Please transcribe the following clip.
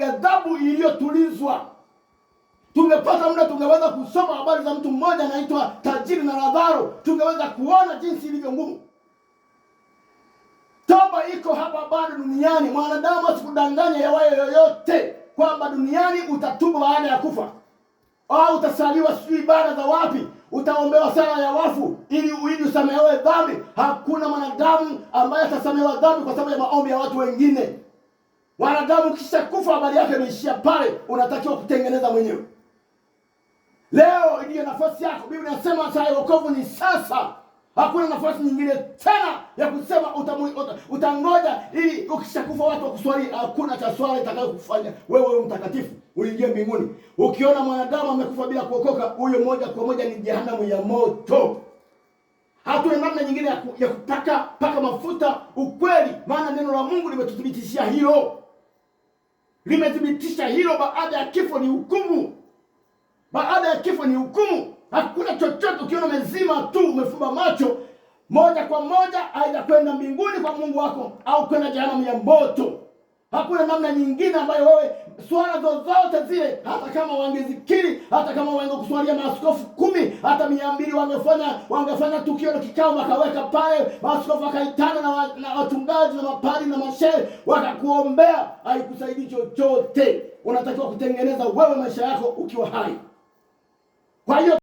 ghadhabu iliyotulizwa. Tungepata muda, tungeweza kusoma habari za mtu mmoja anaitwa tajiri na Lazaro, tungeweza kuona jinsi ilivyo ngumu. Toba iko hapa bado duniani. Mwanadamu asikudanganya yawayo yoyote kwamba duniani utatubu baada ya kufa au utasaliwa sijui ibada za wapi, utaombewa sala ya wafu ili uidi usamehewe dhambi. Hakuna mwanadamu ambaye atasamehewa dhambi kwa sababu ya maombi ya watu wengine. Wanadamu kisha kufa, habari yake imeishia pale, unatakiwa kutengeneza mwenyewe. Leo ndiyo nafasi yako. Biblia inasema saa ya wokovu ni sasa, hakuna nafasi nyingine tena ya kusema utangoja ili ukishakufa watu wakuswali. Hakuna cha swala itakayokufanya wewe mtakatifu uingie mbinguni. Ukiona mwanadamu amekufa bila kuokoka, huyo moja kwa moja ni jehanamu ya moto. Hatuna namna nyingine ya, kutaka ya kupaka paka mafuta ukweli, maana neno la Mungu limetuthibitishia hilo limethibitisha hilo. Baada ya kifo ni hukumu, baada ya kifo ni hukumu. Hakuna chochote ukiona umezima tu, umefumba macho, moja kwa moja aidha kwenda mbinguni kwa Mungu wako au kwenda jehanamu ya moto. Hakuna namna nyingine ambayo wewe swala zozote zile, hata kama wangezikiri, hata kama wangekuswalia maaskofu kumi, hata mia mbili, wangefanya wangefanya tukio la kikao, wakaweka pale maaskofu wakaitana na, na wachungaji na mapari na mashehe wakakuombea, haikusaidi chochote. Unatakiwa kutengeneza wewe maisha yako ukiwa hai. Kwa hiyo